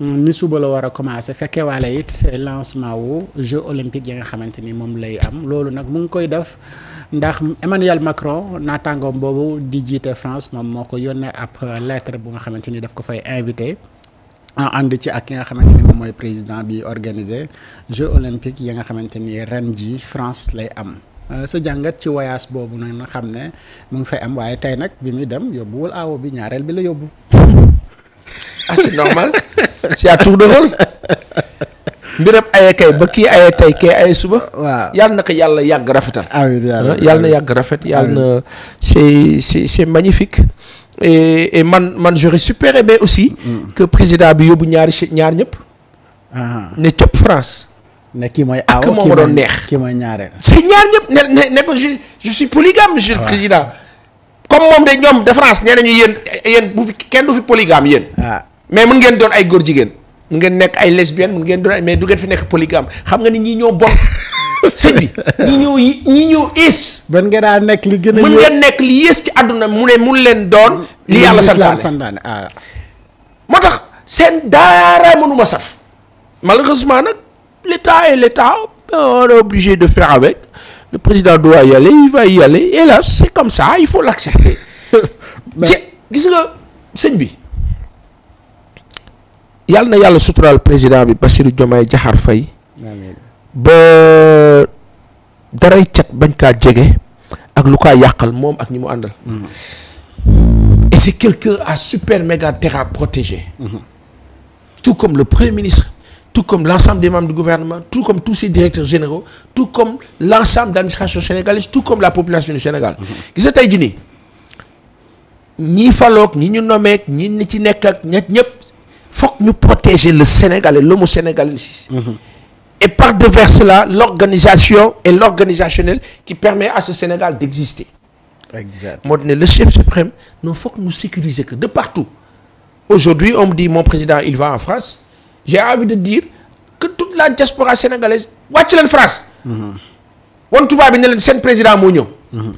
ni suba la war a commencé fekkee waale it lancement wu jeux olympiques yi nga xamante ni moom lay am loolu nag mu ngi koy def ndax Emmanuel Macron naataangoom boobu di jiite France moom moo ko yónnee ab lettre bu nga xamante ni daf ko fay invité. ànd ci ak ki nga xamante ni moom mooy président bi organisé jeux olympiques yi nga xamante ni ren ji France lay am. Euh, sa jàngat ci voyage boobu na nag xam ne mu ngi fay am waaye tey nag bi muy dem yóbbuwul aawo bi ñaareel bi la yóbbu. ah normal c'est à tour de rôle mbiram aye kay ba kii aye tey kay aye suba. yal na ko yàlla yàgg rafetal. amiin yàlla ah, na yàgg rafet yàlla na c'est c'est magnifique. et man man j'aurais super aimé aussi. Mm. que président bi yóbbu ñaari ñaar ñëpp. Ah. ne cëpp ne kii mooy aw moo ma doon neex kii ñaar ñëpp ne ne ne ko je je suis polygame monsieur ah. président. comme moom de ñoom de France nee nañu yéen yéen bu fi kenn du fi polygame yéen. mais mën ngeen doon ay góor jigéen mën ngeen nekk ay lesbienne mën ngeen doon ay mais du ngeen fi nekk polygame xam nga ni ñi ñoo bon sëñ bi ñi ñoo ñi ñoo yées. ban nga daa nekk li gën a yées mën ngeen nekk li yées ci àdduna mu ne mun leen doon. li yàlla santaane ah. moo tax seen daara mënuma saf malheureusement nag l'état et l'état on est obligé de faire avec le président doit y aller il va y aller et là c'est comme ça il faut l'accepter. ci gis nga sëñ bi. yàlla na yàlla suturaal président bi Bassirou Diomaye Diakhar Faye ba daray cat bañ kaa jege ak lu kaa yàqal moom ak ñi mu àndal mm-hmm. et c'est quelqu'un à super méga terra protégé mmh. tout comme le premier ministre tout comme l'ensemble des membres du gouvernement tout comme tous ses directeurs généraux tout comme l'ensemble de l'administration tout comme la population du Sénégal mm-hmm. gis nga tey jii nii ñii faloog ñi ñu nomeeg ni ci nekk ak ñett ñëpp faut ñu protéger le Sénégalais l'homo sénégalensis mm mm-hmm. et par devers cela l'organisation et l'organisationnel qui permet à ce Sénégal d'exister moo tax ne le chef suprême non faut que nous sécuriser que de partout aujourd'hui on me dit mon président il va en France j'ai envie de dire que toute la diaspora sénégalaise wàcc leen France mm-hmm. wan tubaab bi ne leen seen président moo ñëw mm-hmm.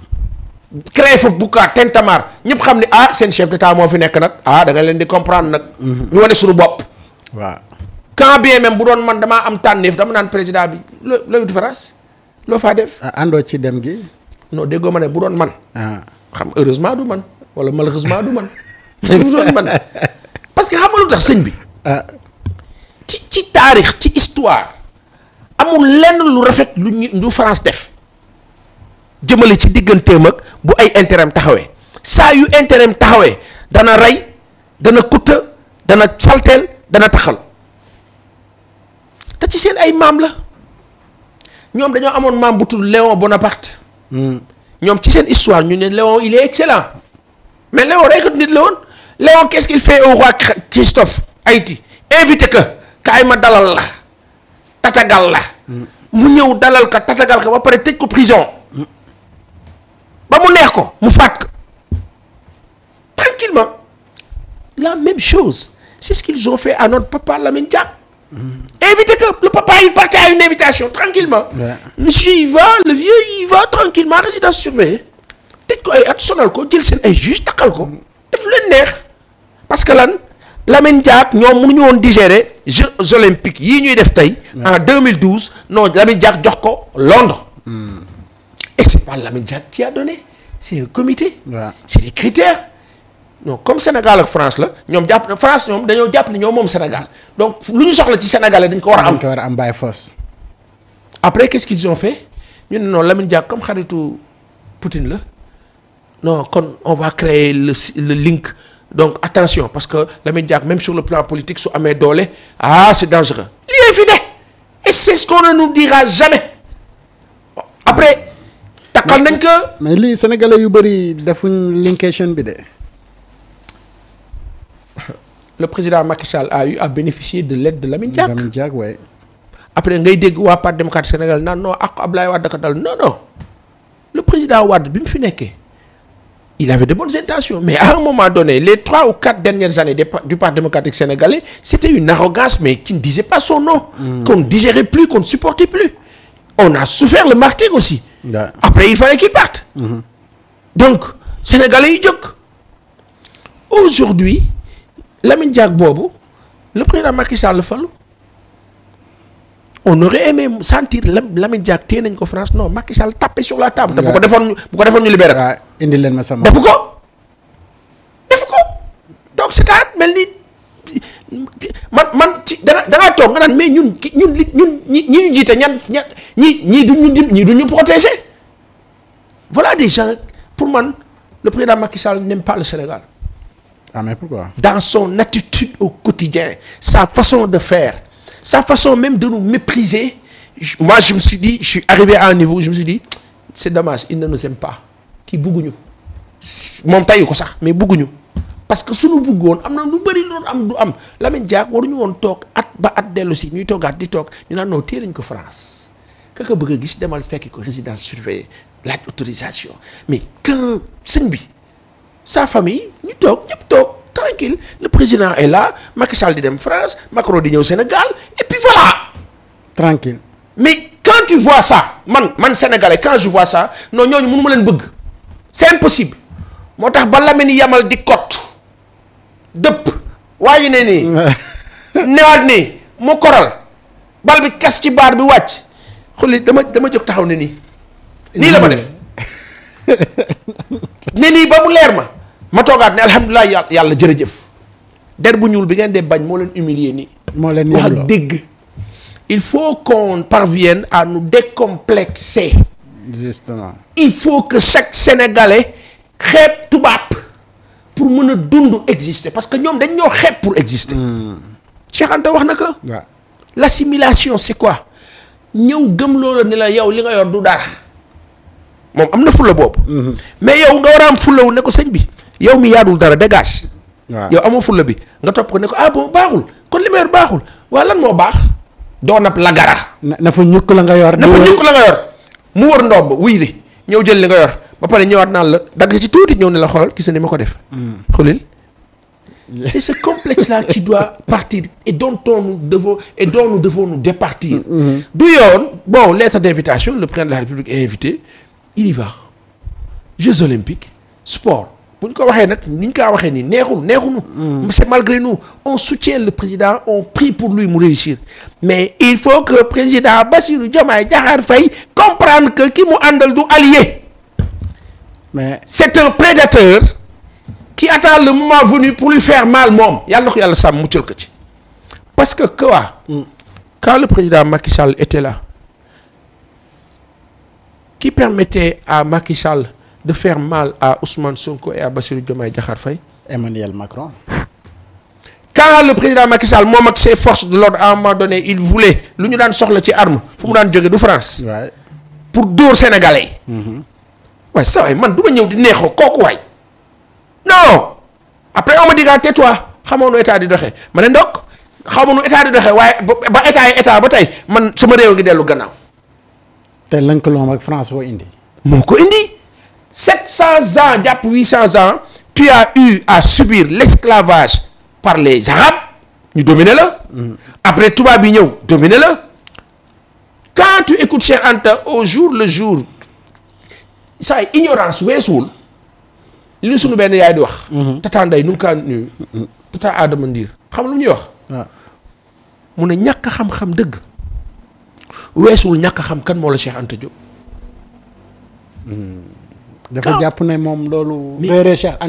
créé fa ten tentamar ñëpp xam ne ah seen chef d'état moo fi nekk nag ah da leen di comprendre nag. Mhm. ñu wane suñu bopp. waaw quand bien même bu doon man damaa am tànneef dama naan président bi loo looy différence loo faa def. Ah, àndoo ci dem gi. non déggoo ma ne bu doon man. Ah. xam heureusement du man wala malheureusement du man. bu parce que xam nga lu tax sëñ bi. Ah. ci ci taarix ci histoire amul lenn lu rafet lu ñu lu France def. jëmale ci digganteem ak bu ay intérêt taxawee saa yu intérêt taxawee dana rey dana kutta dana salteel dana taxal te ci seen ay maam la ñoom dañoo amoon maam bu tudd Léon Bonaparte hmm. ñoom ci seen histoire ñu ne Léon il est excellent mais Léon reykat nit la woon Léon qu'est-ce fait au roi Christophe Haïti invité ka kaay ma dalal la tatagal la hmm. mu ñëw dalal ka tatagal ka ba pare tëj ko prison ba mu neex ko mu fàkk tranquillement la même chose c'est ce qu'ils ont fait à notre papa Lamine Diack éviter mm. que le papa il partait à une invitation tranquillement monsieur il le vieux il va tranquillement résidence surveillée tëj ko ay at sonal ko jël seen ay juge takkal ko def leen neex parce que lan Lamine Diack ñoom mënuñu woon digérer Jeux olympiques yii ñuy def tey en 2012 non Lamine Diack jox ko Londres mm. et c'est pas Lamine qui a donné c'est un comité. waaw c'est des critères. non comme Sénégal ak France la ñoom jàpp na France ñoom dañoo jàpp ne ñoom moom Sénégal donc lu ñu soxla ci Sénégalais dañ ko am. dañ ko war a am bàyyi force. après qu'est-ce qu'ils ont fait ñu ne non Lamine Diack comme xaritu Poutine la non kon on va créer le le link donc attention parce que Lamine Diack même sur le plan politique su amee doole ah c'est dangereux. lii lay fi de et c'est ce qu'on ne nous dira jamais après. xam nañ ko. mais lii sénégalais yu bëri defuñ linkation bi de. le président Macky Sall a eu à bénéficier de l'aide de Lamine Diack. Lamine après ngay dégg waa Parti démocratique Sénégal na non ak Ablaye Wade daka dal non non le président Wade bi mu fi nekkee il avait de bonnes intentions mais à un moment donné les trois ou quatre dernières années du Parti démocratique sénégalais c'était une arrogance mais qui ne disait pas son nom. Mm. qu'on ne digérait plus qu'on ne plus. on le martyre aussi. après il fallait qu'il parte mmh. donc sénégalais yi jóg aujourd'hui Lamine Diack boobu le président Macky Sall falu on aurait aimé sentir Lamine Diack téye nañ ko France non Macky Sall tapé sur la table. te ko defoon bu ko defoon ñu libéré. Ah, indi leen ma sama. defu ko donc c'est à mel ni. man man ci da dangaa toog nga naan mais ñun ki ñun li ñun ñi ñi ñu jiite ñan ña ñi ñii duñ ñii duñ ñu protégé voilà des gens pour man le président Macky Sall n'aime pas le Sénégal. ah mais pourquoi. dans son attitude au quotidien sa façon de faire sa façon même de nous mépriser moi je me suis dit je suis arrivé à un niveau je me suis dit c'est dommage il ne nous aime pas kii bugguñu moom tayu ko sax mais bugguñu. parce que suñu bëggoon am na lu bëri loolu am du am Lamine Diack ñu woon toog at ba at dellu si ñuy toogaat di toog ñu naan non téye nañ ko France ka bëgg a gis demal fekki ko résidence surveillée laaj autorisation mais quand sëñ bi sa famille ñu toog ñëpp toog tranquille le président est là Macky Sall di dem France Macron di ñëw Sénégal et puis voilà. tranquille mais quand tu vois ça man man sénégalais quand je vois ça non ñooñu mënu ma leen bëgg dëpp waa ne nii newaat nii mu koral bal bi kas ci baar bi wàcc xulli dama dama jóg taxaw ne nii nii la ma def ne nii ba mu leer ma ma toogaat ne alhamdulilah yàlla jërëjëf der bu ñuul bi ngeen dee bañ moo leen humilier nii moo leen wax ak dégg il faut qu'on parvienne à nous décomplexer justement il faut que chaque Sénégalais xeeb tubaab pour mën a dund exister parce que ñoom dañ ñoo xeeb pour exister. Hmm. Cheikh Anta wax na ko. waaw l' assimilation ñëw gëm loola ni la yow li nga yor du dara moom am na fulla boobu. Hmm. mais yow nga war a am fulla wu ne ko sëñ bi yow mi yaadul dara dégage. waaw yow amoo fulla bi nga topp ko ne ko ah bon baaxul kon li ma yor baaxul waa lan moo baax. doonab la gara. na fa ñukk la nga yor. la mu wër ndomb wuy di ñëw jël li nga yor. ba pare ñëwaat naan la dagg ci tuuti ñëw ne la ki gis ni ma ko def. Mm. xulil c'est ce complexe là qui doit partir et dont nous devons et dont nous devons nous départir. Mm, mm, du yoon bon lettre d'invitation le président de la République est invité il y va Jeux olympiques sport. bu ñu ko waxee nag ni ñu kaa waxee nii neexul neexuñu. c'est malgré nous on soutient le président on prie pour lui mu réussir mais il faut que président Bassirou Diomaye Diakhar Faye comprendre que ki mu àndal du allié. mais c'est un prédateur qui attend le moment venu pour lui faire mal moom yàlla na yàlla sàmm muccal ko ci parce que quoi hmm. quand le président Macky Sall était là qui permettait à Macky Sall de faire mal à Ousmane Sonko et à Bassirou Diomaye Diakhar Faye Emmanuel Macron quand le président Macky Sall ak ses forces de l'ordre à un il voulait lu ñu daan soxla ci arme fu mu daan jóge du France pour dóor sénégalais waaye sa eh, man du ma ñëw di neexoo kooku waay non après on me dit gars ah, toi xamoo nu état di doxee ma ne ndokk xamoo nu état di doxee waaye ba état yi état ba tey man sama réew gi dellu gannaaw. te lëkkaloom ak France boo indi. moo ko indi 700 ans jàpp 800 ans tu as eu à subir l'esclavage par les arabes ñu mm-hmm. tubaab yi ñëw dominer la. quand tu écoutes au jour le jour. saa ignorance weesuwul li suñu benn yaay di wax. Mhm. tata Ndeye nu mu kaa nuyu. tata Adama Ndiir xam lu ñuy wax. Ah. mu ne ñàkk xam-xam dëgg weesuwul ñàkk xam kan moo la Cheikh Anta Diop. Hmm. dafa jàpp ne moom loolu. réeré Cheikh Anta.